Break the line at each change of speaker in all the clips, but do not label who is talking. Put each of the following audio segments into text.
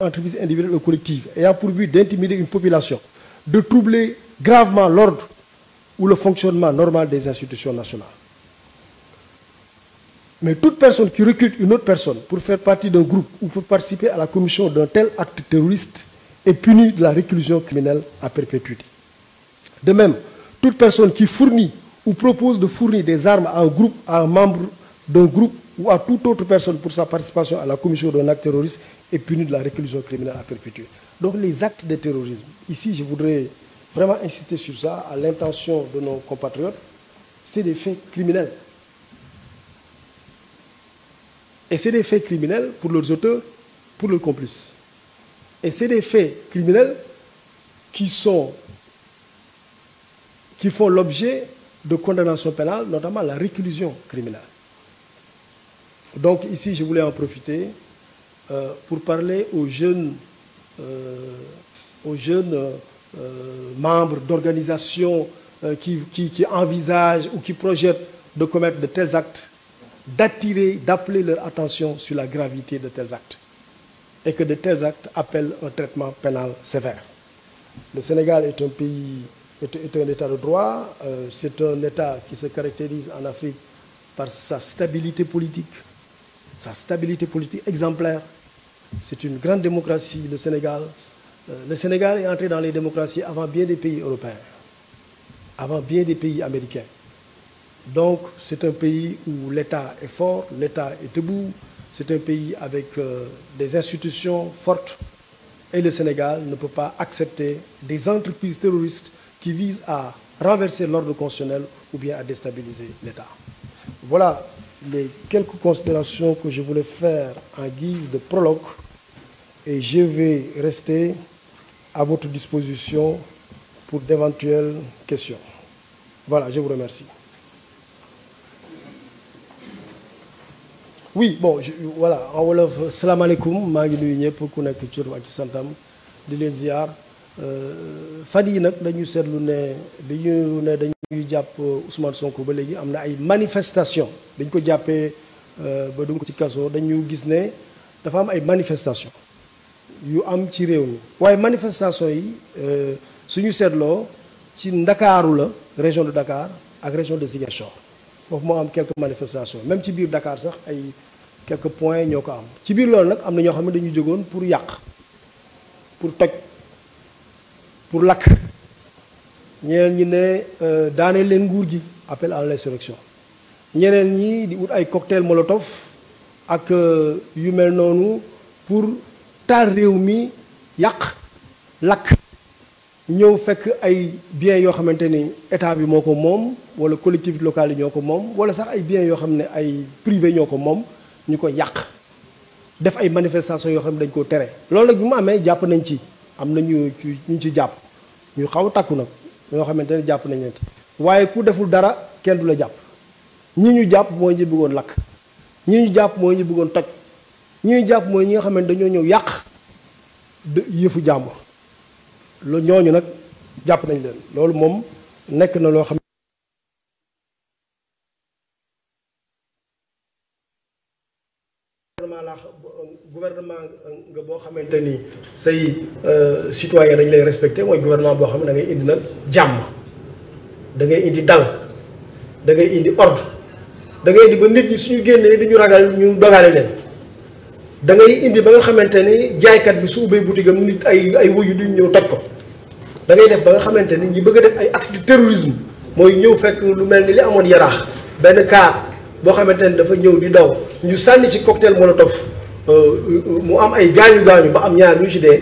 entreprises individuel ou collective ayant pour but d'intimider une population, de troubler gravement l'ordre ou le fonctionnement normal des institutions nationales. Mais toute personne qui recrute une autre personne pour faire partie d'un groupe ou pour participer à la commission d'un tel acte terroriste est punie de la réclusion criminelle à perpétuité. De même, toute personne qui fournit ou propose de fournir des armes à un groupe, à un membre d'un groupe ou à toute autre personne pour sa participation à la commission d'un acte terroriste est puni de la réclusion criminelle à perpétuer. Donc les actes de terrorisme, ici je voudrais vraiment insister sur ça, à l'intention de nos compatriotes, c'est des faits criminels. Et c'est des faits criminels pour leurs auteurs, pour leurs complices. Et c'est des faits criminels qui sont qui font l'objet de condamnations pénales, notamment la réclusion criminelle. Donc ici, je voulais en profiter euh, pour parler aux jeunes, euh, aux jeunes euh, membres d'organisations qui, envisagent ou qui projettent de commettre de tels actes, d'attirer, d'appeler leur attention sur la gravité de tels actes. Et que de tels actes appellent un traitement pénal sévère. Le Sénégal est un pays, est un état de droit, c'est un état qui se caractérise en Afrique par sa stabilité politique, sa stabilité politique exemplaire. C'est une grande démocratie, le Sénégal. Euh, le Sénégal est entré dans les démocraties avant bien des pays européens, avant bien des pays américains. Donc c'est un pays où l'État est fort, l'État est debout, c'est un pays avec euh, des institutions fortes et le Sénégal ne peut pas accepter des entreprises terroristes qui visent à renverser l'ordre constitutionnel ou bien à déstabiliser l'État. Voilà les quelques considérations que je voulais faire en guise de prologue et je vais rester à votre disposition pour d'éventuelles questions. Voilà, je vous remercie. oui bon voilà en wolof ngi euh, fan nak dañu seetlu ne dañu ne dañuy japp Ousmane Sonko ba légui amna ay manifestation dañ ko jappé euh, ba duñ ko ci kasso dañu gis né dafa am ay manifestation yu am ci réew mi waaye manifestation yi euh, suñu seetloo ci ndakaaru la région de Dakar ak région de Ziguinchor foofu mo am quelques manifestations même ci biir Dakar sax ay quelques points ñoo ko am ci biir lool nak amna ño ñoo xam dañu jógoon pour yàq pour toj pour l'ac, ñeneen ñi ne euh, daané leen nguur gi appel à sélection ñeneen ñi di ut ay cocktail molotov ak euh, yu mel noonu pour tar réew mi yàq lakk ñëw fekk ay biens yo xamanteni état bi moko mom wala collectivité locale ñoko mom wala sax ay biens yo xam ay privé ñoko ko ñuko yaq ko def ay manifestations yo xam dañ ko téré loolu nag bi amé japp nañ ci am nañu ñu ñu ci japp yu xaw a takku nag yoo xamante ne jàpp nañ leen waaye ku deful dara kenn du la jàpp ñii ñu jàpp mooy ñu bëggoon lakk ñii ñu jàpp mooy ñi bëggoon toj ñii ñu jàpp mooy ñi nga xam ne dañoo ñëw yàq de yëfu jàmbur loolu ñooñu nag jàpp nañ leen loolu moom nekk na loo xam. gouvernement euh, nga boo xamante ni say euh, citoyen dañ lay respecté mooy gouvernement bo xam ne da ngay indi nag jàmm da ngay indi dal da ngay indi ordre da ngay indi ba nit ñi suñu génnee duñu ragal ñu dogaale leen da ngay indi ba nga xamante ni jaaykat bi su ubbee boutique am nit ay ay wuyu duñ ñëw toj ko da ngay def ba nga xamante ni ñi bëgg a def ay acte de terrorisme mooy ñëw fekk lu mel ni li amoon yaraax benn cas boo xamante ni dafa ñëw di daw ñu sànni ci cocktail molotov Euh, euh, mu am ay gaañu gaañu ba am ñaar ñu ci dee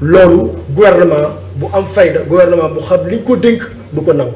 loolu gouvernement bu am fayda gouvernement bu xam liñ ko dénk du ko nangu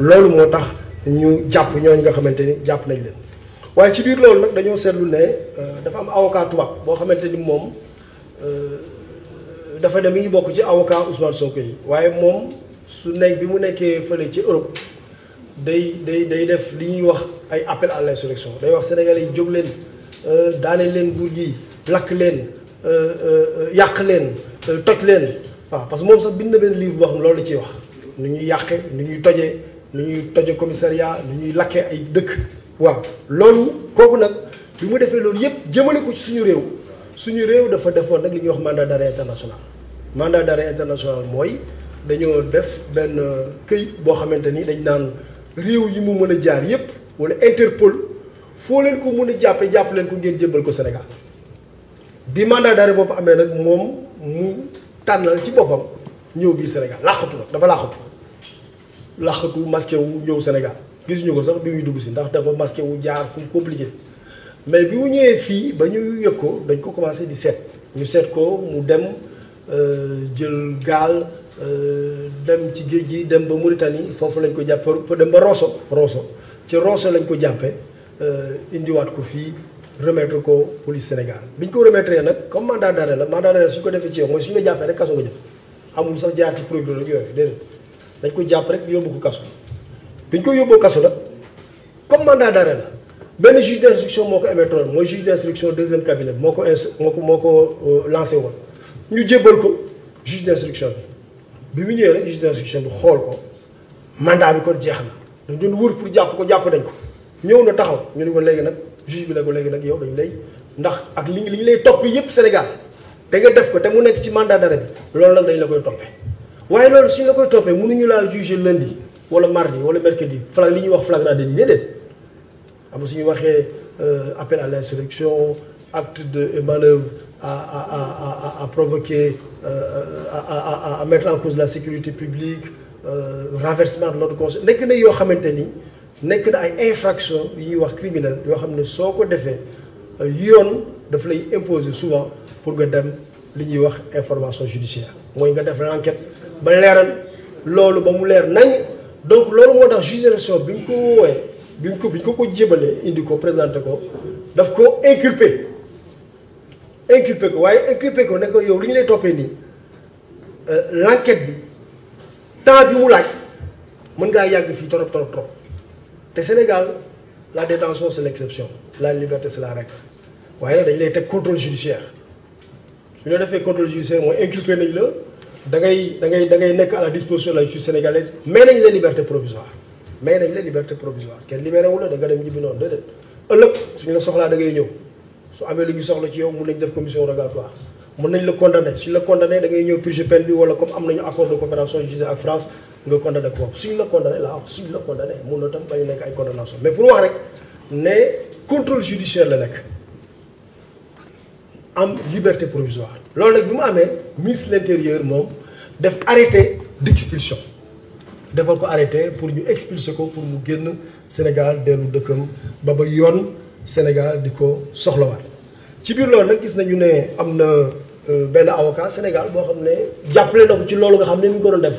loolu moo tax ñu jàpp ñooñu nga xamante ni jàpp nañ leen waaye ci biir loolu nag dañoo seetlu ne euh, dafa am avocat tubaab boo xamante ni moom dafa ne mi ngi bokk ci avocat Ousmane Sonko yi waaye moom su nekk bi mu nekkee fële ci Europe day day day def li ñuy wax ay appel à l'insurrection day wax sénégalais yi jóg leen. Euh, daale leen nguur gi lakk leen euh, euh, yàq leen toj leen waaw parce que moom sax bind na benn livre boo xam loolu la ciy wax nu ñuy yàqee nu ñuy tojee nu ñuy toje commissariat nu ñuy lakkee ay dëkk waaw loolu kooku nag bi mu defee loolu yëpp jëmale ko ci suñu réew suñu réew dafa defoon nag li ñuy wax mandat d'arrêt international mandat d'arrêt international mooy dañoo def benn këy boo xamante ni dañ naan réew yi mu mën a jaar yëpp wala Interpol foo leen ko mun a jàppe jàpp leen ko ngeen jébbal ko Sénégal bi mandat d'arrêt boobu amee nag moom mu tànnal ci boppam ñëw biir senegal làqatu nag dafa làqatu làqatu masqué wu ñëw Sénégal gisuñu ko sax bi muy dugg si ndax dafa masqué wu jaar fu compliqué mais bi mu ñëwee fii ba ñu yëg ko dañ ko commencé di seet ñu seet ko mu dem euh, jël gaal euh, dem ci géej gi dem ba Mauritanie foofu lañ ko jàpp dem ba roso roso ci roso lañ ko jàppee. Euh, indiwaat ko fii remettre ko police Sénégal bi ñu ko remetre nag comme mandat d'arrêt la mandat d'arrêt su ñu ko defee ci yow mooy su ñu la jàppee rek kaso nga jëm amul sax jaar ci procureur ak yooyu déedéet dañ ko jàpp rek yóbbu ko kaso bi ñu ko yóbboo kaso nag comme mandat d'arrêt la benn juge d'instruction moo ko émettre mooy juge d'instruction deuxième cabinet moo ko ins moo ko moo ko euh, lancé woon ñu jébbal ko juge d'instruction bi bi mu ñëwee rek juge d'instruction xool ko mandat bi kon jeex na dañ doon wër pour jàpp ko jàpp nañ ko. ñëw na taxaw ñu ne ko juge bi ko yow lay ndax ak lay Sénégal nga def ko te mu nekk ci mandat d'arrêt loolu dañ la koy loolu juger lundi wala mardi wala mercredi wax flagrant euh, appel à l'insurrection acte de manœuvre à à à provoquer euh, à mettre en cause la sécurité publique euh, renversement de l'ordre constitutionnel nekk na ay infraction yu ñuy wax criminel yoo xam ne soo ko defee yoon daf lay imposer souvent pour nga dem li ñuy wax information judiciaire mooy nga def l'enquête ba leeral loolu ba mu leer nañ donc loolu moo tax juge soo bi ñu ko woowee bi ñu ko bi ñu ko ko jébalee indi ko présenté ko daf ko inculpé inculpé ko waaye inculpé ko ne ko yow li ñu lay toppee nii euh, l'enquête bi temps bi mu laaj mën ngaa yàgg fii trop trop trop le Sénégal la détention c'est l'exception la liberté c'est la règle Vous était il lay contrôle judiciaire a contrôle judiciaire a inculpé la da à la disposition la justice sénégalaise il a la liberté provisoire Vous avez la liberté provisoire libéré wu la suñu la da ngay su soxla ci yow nañ def commission rogatoire a nañ condamné Si la condamné da ngay comme accord de coopération judiciaire avec France nga condamné ko suñ la condamné la wax suñ la condamné mun tam bañ nekk ay condamnation mais pour wax rek né contrôle judiciaire la nek am liberté provisoire lool nak bima amé ministre de l'intérieur mom def arrêté d'expulsion defal ko arrêté pour ñu expulser ko pour mu génn Sénégal dellu dëkkam ba ba yoon Sénégal di ko soxlawaat ci biir loolu nag gis nañu ne am na euh, benn avocat Sénégal boo xam ne jàppale na ko ci loolu nga xam ne ni ko doon def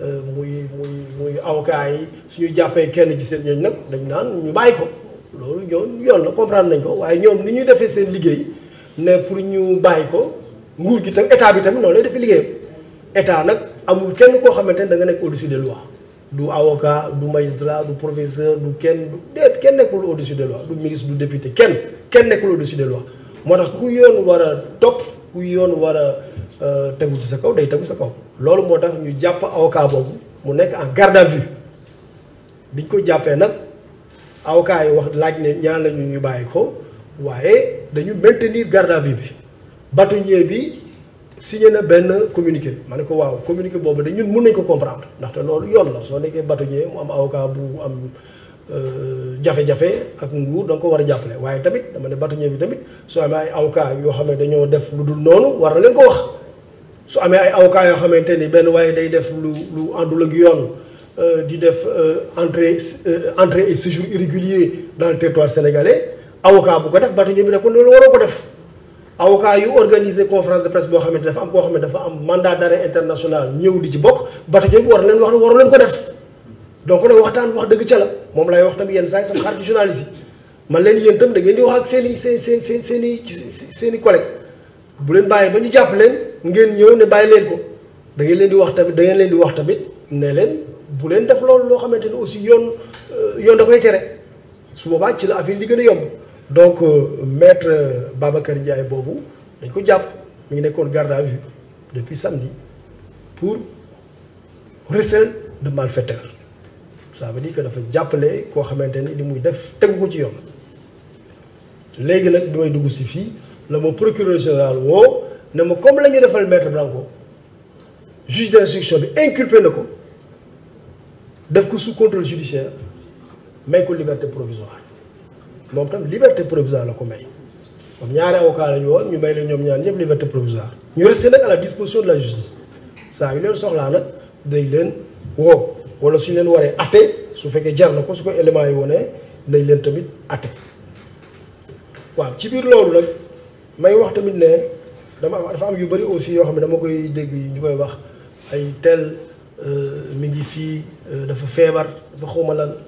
Euh, muy muy muy avocat yi suñu jàppee kenn ci seen ñooñ nag dañ naan ñu bàyyi ko loolu ñoom yoon la comprendre nañ ko waaye ñoom ni ñuy defee seen liggéey ne pour ñu bàyyi ko nguur gi tam état bi tamit noonu lay defee liggéeyam état nag amul kenn koo xamante ne da nga nekk au-dessus des lois du avocat du magistrat du professeur du kenn du déet kenn nekkul au-dessus des lois du ministre du député kenn kenn nekkul au-dessus des moo tax ku yoon war a topp ku yoon war a euh, tegu ci sa kaw day tegu sa kaw. loolu moo tax ñu jàpp avocat boobu mu nekk en garde à vue biñ ko jàppee nag avocat yi wax laaj ne ñaan lañu ñu bàyyi ko waaye dañu maintenir garde à vue bi bâtonnier bi signé na benn communiqué ma ne ko waaw communiqué boobu de ñun mun nañ ko comprendre ndaxte loolu yoon la soo nekkee bâtonnier mu am avocat bu am euh, jafe-jafe ak nguur da ko war a jàppale waaye tamit dama ne bâtonnier bi tamit soo amee ay avocat yoo xam ne dañoo def lu dul noonu war na leen ko wax su amee ay avocats yoo xamante ni benn waaye day def lu lu àndul ak yoon euh, di def euh, entrée euh, entrée et séjour irrégulier dans le territoire sénégalais avocat bu ko def bataño bi ne ko loolu waroo ko def avocat yu organiser conférence de presse boo xamante dafa am koo xamante am mandat d'arrêt international ñëw di ci bokk bataño bi war leen wax ne waru leen ko def donc nag waxtaan wax dëgg ca la moom lay wax tam yenn saa yi xarit journaliste man leen yéen tam da ngeen di wax ak seen i seen seen seen bu leen bàyyi ba ñu jàpp leen ngeen ñëw ne bàyyi leen ko da ngeen leen di wax tamit da leen di wax tamit ne leen bu leen def loolu loo xamante ne aussi yoon euh, yoon da koy tere su boobaa ci la affaire li gën a yomb donc euh, metre Babacar njaay boobu dañ ko jàpp mu ngi nekkoon garde à vue depuis samedi pour recel de malfaiteur ça veut dire que dafa jàppale koo xamante ni li muy def tegu ko ci yoon léegi nag bi may dugg si fii la ma procureur général woo. ne ma comme la ñu defal maître Branco juge d'instruction bi inculpé na ko ko sous contrôle judiciaire mais ko liberté provisoire moom tam liberté provisoire la ko may moom ñaari avocat la ñu woon ñu may la ñoom ñaar ñëpp liberté provisoire ñu resté nag à la disposition de la justice Ça, yu leen soxlaa nag dañ leen woo wala suñu leen waree atte su fekkee jar na ko su ko éléments yi wonee dañ leen tamit atte waaw ci biir loolu nag may wax tamit ne dama am dafa am yu bëri aussi yoo xam ne dama koy dégg ñu koy wax ay tel euh, mi ngi fii euh, dafa feebar dafa xawma